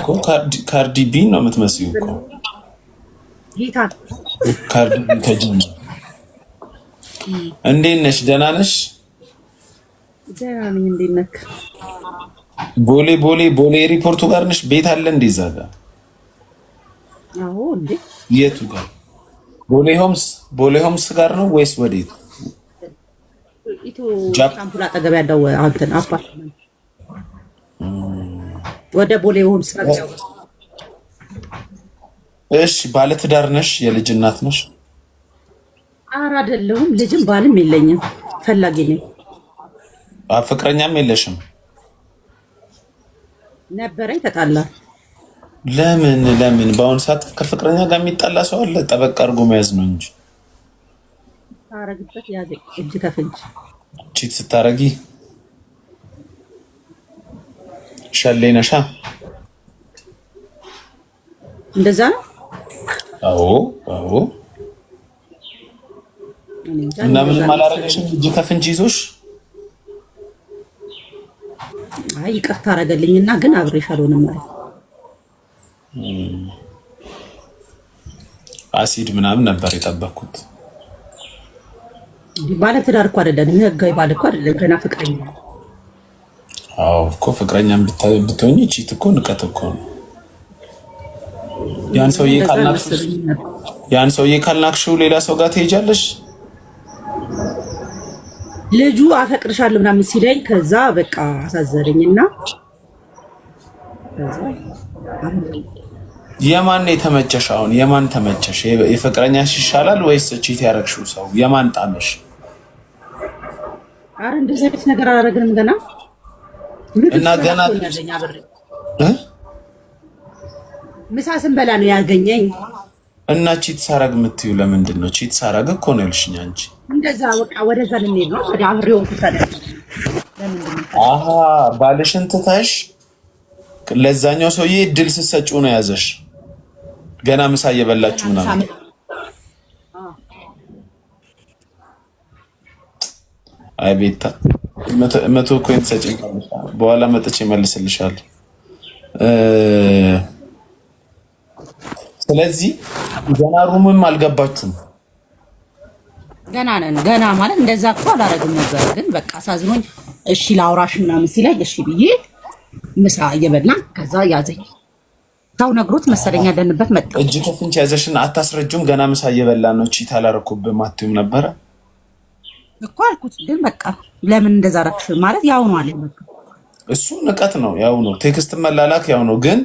እኮ ካርዲቢ ነው የምትመስዩ እኮ ካርዲቢ ከጅማ። እንዴት ነሽ? ደህና ነሽ? ቦሌ ቦሌ ቦሌ ሪፖርቱ ጋር ነሽ? ቤት አለ እንዴ? እዛ ጋር የቱ ጋር? ቦሌ ሆምስ ቦሌ ሆምስ ጋር ነው ወይስ ወዴት? ኢትዮ ሻምፑል አጠገብ ያለው አንተን አፓርትመንት ወደ ቦሌ ውም እሺ። ባለትዳር ነሽ? የልጅ እናት ነሽ? አረ አይደለሁም። ልጅም ባልም የለኝም። ፈላጊ ነኝ። ፍቅረኛም የለሽም? ነበረኝ፣ ተጣላ። ለምን ለምን? በአሁኑ ሰዓት ከፍቅረኛ ጋር የሚጣላ ሰው አለ? ጠበቅ አድርጎ መያዝ ነው እንጂ ታረግበት ያዘ እጅ ከፍንጅ ቺት ስታረጊ ሸሌ ነሻ። እንደዛ ነው። አዎ አዎ። እና ምንም አላረገሽም? እጅ ከፍንጅ ይዞሽ? አይ ይቅርታ አረገልኝና ግን አብሬሽ አልሆንም ማለት አሲድ ምናምን ነበር የጠበኩት። ባለ ትዳር እኮ አይደለም፣ ህጋዊ ባል እኮ አይደለም፣ ገና ፍቅረኛ አዎ እኮ ፍቅረኛም ብትሆኝ ቺት እኮ ንቀት እኮ ነው። ያን ሰውዬ ካልናክሽው ሌላ ሰው ጋር ትሄጃለሽ። ልጁ አፈቅርሻለሁ ምናምን ሲለኝ ከዛ በቃ አሳዘረኝና የማን የተመቸሽ? አሁን የማን ተመቸሽ? የፍቅረኛሽ ይሻላል ወይስ ቺት ያረግሽው ሰው? የማን ጣመሽ? አረ እንደዚህ አይነት ነገር አላረግንም ገና እና ገና ምሳ ስንበላ ነው ያገኘኝ። እና ቺት ሳረግ የምትይው ለምንድን ነው? ቺት ሳረግ እኮ ነው ያልሽኝ አንቺ። እንደዛ በቃ ወደዛ ልንሄድ ነው። ወደ አብሬውን ኩታለ ባልሽን ትተሽ ለዛኛው ሰውዬ ድል ስትሰጪው ነው ያዘሽ። ገና ምሳ እየበላችሁ ምናምን አይ ቤታ መቶ ኮይን ሰጪ በኋላ መጥቼ መልስልሻለሁ። ስለዚህ ገና ሩምም አልገባችሁም። ገና ነን። ገና ማለት እንደዛ እኮ አላደረግም ነበር፣ ግን በቃ አሳዝኖኝ እሺ ላውራሽ ምናምን ሲለኝ እሺ ብዬ ምሳ እየበላ ከዛ ያዘኝ ሰው ነግሮት መሰለኝ ያለንበት መጣ። እጅ ከፍንች ያዘሽን አታስረጁም። ገና ምሳ እየበላ ነው። ቺት አላረኩብም አትይም ነበረ እኮ አልኩት። ግን በቃ ለምን እንደዛ ረክሽ ማለት ያው ነው አለኝ በቃ እሱ ንቀት ነው፣ ያው ነው። ቴክስት መላላክ ያው ነው። ግን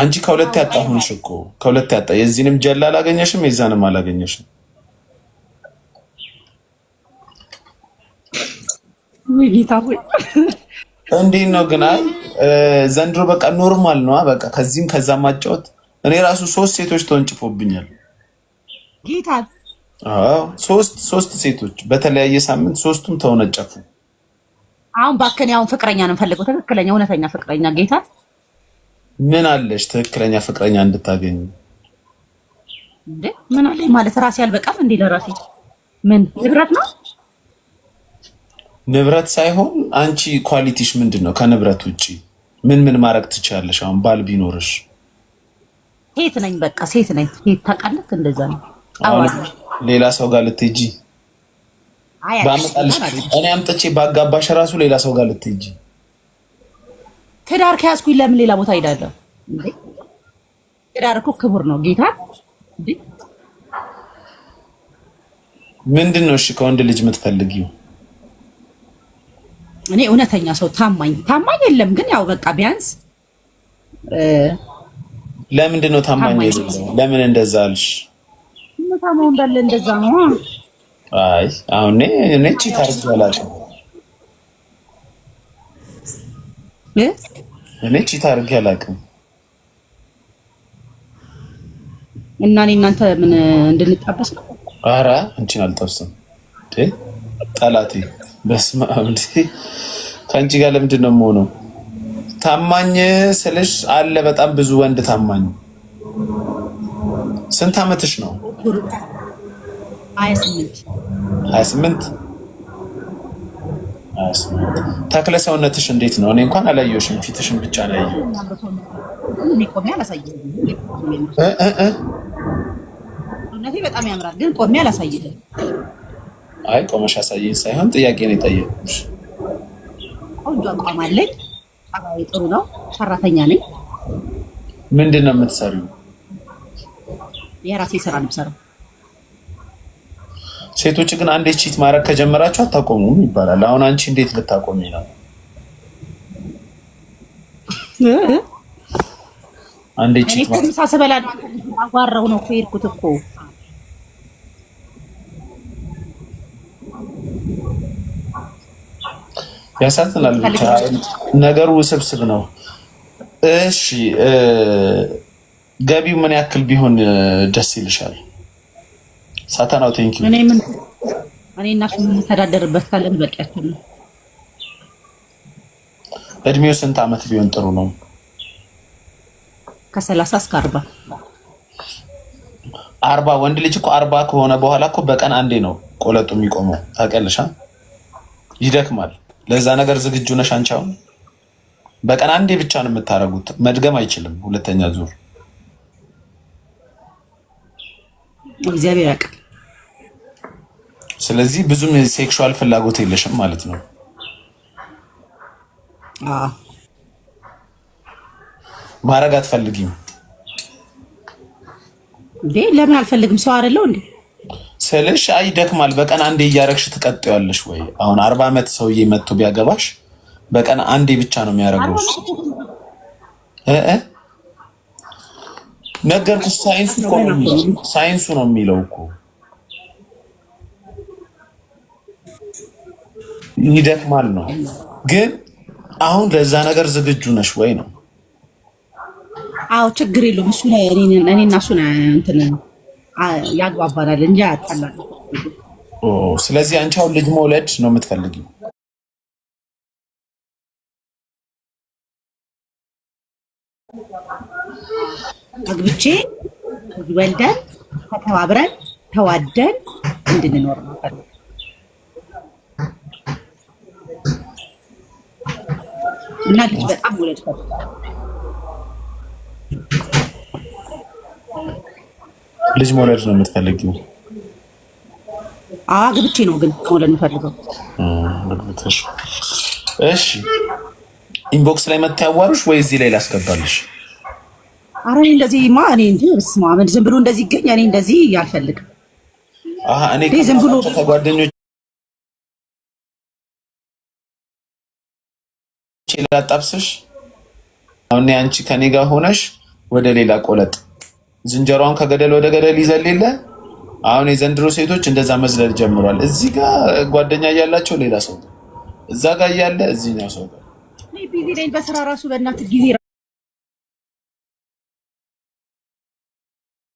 አንቺ ከሁለት ያጣ ሆንሽ እኮ ከሁለት ያጣ፣ የዚህንም ጀላ አላገኘሽም፣ የዛንም አላገኘሽም። እንዴት ነው ግን? አይ ዘንድሮ በቃ ኖርማል ነው። በቃ ከዚህም ከዛ ማጫወት። እኔ ራሱ ሶስት ሴቶች ተወንጭፎብኛል። ሶስት ሶስት ሴቶች በተለያየ ሳምንት ሶስቱም ተወነጨፉ። አሁን ባከን ያሁን ፍቅረኛ ነው የምፈልገው፣ ትክክለኛ እውነተኛ ፍቅረኛ። ጌታ ምን አለሽ? ትክክለኛ ፍቅረኛ እንድታገኝ እንዴ? ምን አለ ማለት ራሴ አልበቃም እንዴ? ለራሴ ምን ንብረት ነው? ንብረት ሳይሆን አንቺ ኳሊቲሽ ምንድን ነው? ከንብረት ውጪ ምን ምን ማድረግ ትችላለሽ? አሁን ባል ቢኖርሽ። ሴት ነኝ፣ በቃ ሴት ነኝ። ሴት ታውቃለህ፣ እንደዛ ነው። ሌላ ሰው ጋር ልትሄጂ ባመጣልሽ እኔ አምጥቼ ባጋባሽ ራሱ ሌላ ሰው ጋር ልትሄጂ። ትዳር ከያዝኩኝ ለምን ሌላ ቦታ ሄዳለሁ? ትዳር እኮ ክቡር ነው። ጌታ ምንድን ነው? እሺ ከወንድ ልጅ የምትፈልጊው? እኔ እውነተኛ ሰው ታማኝ ታማኝ የለም፣ ግን ያው በቃ ቢያንስ ለምንድን ነው ታማኝ የለም? ለምን እንደዛ አልሽ? ታማኝ እንዳለ እንደዛ ነው አይ አሁን እኔ ቺት አድርጌ አላውቅም። እኔ ቺት አድርጌ አላውቅም። እና እኔ እናንተ ምን እንድንጣበስ ነው? ኧረ አንቺን አልጠብስም። ጠላቴ በስመ አብ። ከአንቺ ጋር ለምንድን ነው የምሆነው? ታማኝ ስልሽ አለ በጣም ብዙ ወንድ ታማኝ። ስንት አመትሽ ነው? ሀያ ስምንት 28 ተክለ ሰውነትሽ እንዴት ነው? እኔ እንኳን አላየሁሽም፣ ፊትሽን ብቻ አላየሁ። ሰውነቴ በጣም ያምራል፣ ግን ቆሜ አላሳይህም። አይ ቆመሽ አሳይኝ ሳይሆን ጥያቄ ነው የጠየኩሽ። ቆንጆ አቋም አለኝ፣ ጥሩ ነው፣ ሰራተኛ ነኝ። ምንድን ነው የምትሰሪው? የራሴ ስራ ነው የምሰራው ሴቶች ግን አንዴ ቺት ማድረግ ከጀመራችሁ አታቆሙም ይባላል። አሁን አንቺ እንዴት ልታቆሚ ነው? አንዴ ቺት ማለት ነው የሄድኩት እኮ ያሳዝናል። ብቻ ነገሩ ውስብስብ ነው። እሺ ገቢው ምን ያክል ቢሆን ደስ ይልሻል? ሳታናው ዩ እኔ ምን እኔ እና ምን የምንተዳደርበት ካለን በቂያችን ነው። እድሜው ስንት አመት ቢሆን ጥሩ ነው? ከሰላሳ እስከ አርባ አርባ ወንድ ልጅ እኮ አርባ ከሆነ በኋላ እኮ በቀን አንዴ ነው ቆለጡ የሚቆመው ታውቂያለሽ። ይደክማል። ለዛ ነገር ዝግጁ ነሽ አንቺ? አሁን በቀን አንዴ ብቻ ነው የምታደርጉት። መድገም አይችልም ሁለተኛ ዙር እግዚአብሔር ያውቃል። ስለዚህ ብዙም ሴክሹዋል ፍላጎት የለሽም ማለት ነው። ማድረግ አትፈልጊም ለምን አልፈልግም? ሰው አይደለው እንዴ ስልሽ፣ አይ ይደክማል። በቀን አንዴ እያረግሽ ትቀጥያለሽ ወይ? አሁን አርባ ዓመት ሰውዬ መጥቶ ቢያገባሽ በቀን አንዴ ብቻ ነው የሚያደርገው ነገርኩሽ። ሳይንሱ ሳይንሱ ነው የሚለው እኮ ይደክማል ነው። ግን አሁን ለዛ ነገር ዝግጁ ነሽ ወይ ነው? አዎ፣ ችግር የለውም እሱ ላይ እኔ እና እሱ እንትን ያግባባናል እንጂ አያጣላል። ስለዚህ አንቺ አሁን ልጅ መውለድ ነው የምትፈልጊው? አግብቼ ወልደን ተተባብረን ተዋደን እንድንኖር ነበር። እና ልጅ በጣም ወለድ ልጅ መውለድ ነው የምትፈልጊው? አግብቼ ነው ግን መውለድ የምፈልገው። እሺ ኢንቦክስ ላይ መታ ያዋሩሽ ወይ እዚህ ላይ ላስገባልሽ? አረ እንደዚህ ማ እኔ እንዴ ስማ ምን ዝም ብሎ እንደዚህ ይገኝ እኔ እንደዚህ አልፈልግም። አሃ እኔ ዝም ብሎ ከጓደኞቼ ላጣብስሽ። አሁን አንቺ ከኔ ጋር ሆነሽ ወደ ሌላ ቆለጥ ዝንጀሮውን ከገደል ወደ ገደል ይዘል የለ አሁን የዘንድሮ ሴቶች እንደዛ መዝለል ጀምሯል። እዚህ ጋር ጓደኛ እያላቸው ሌላ ሰው እዛ ጋር እያለ እዚህኛው ሰው ጋር በስራ ራሱ በእናት ጊዜ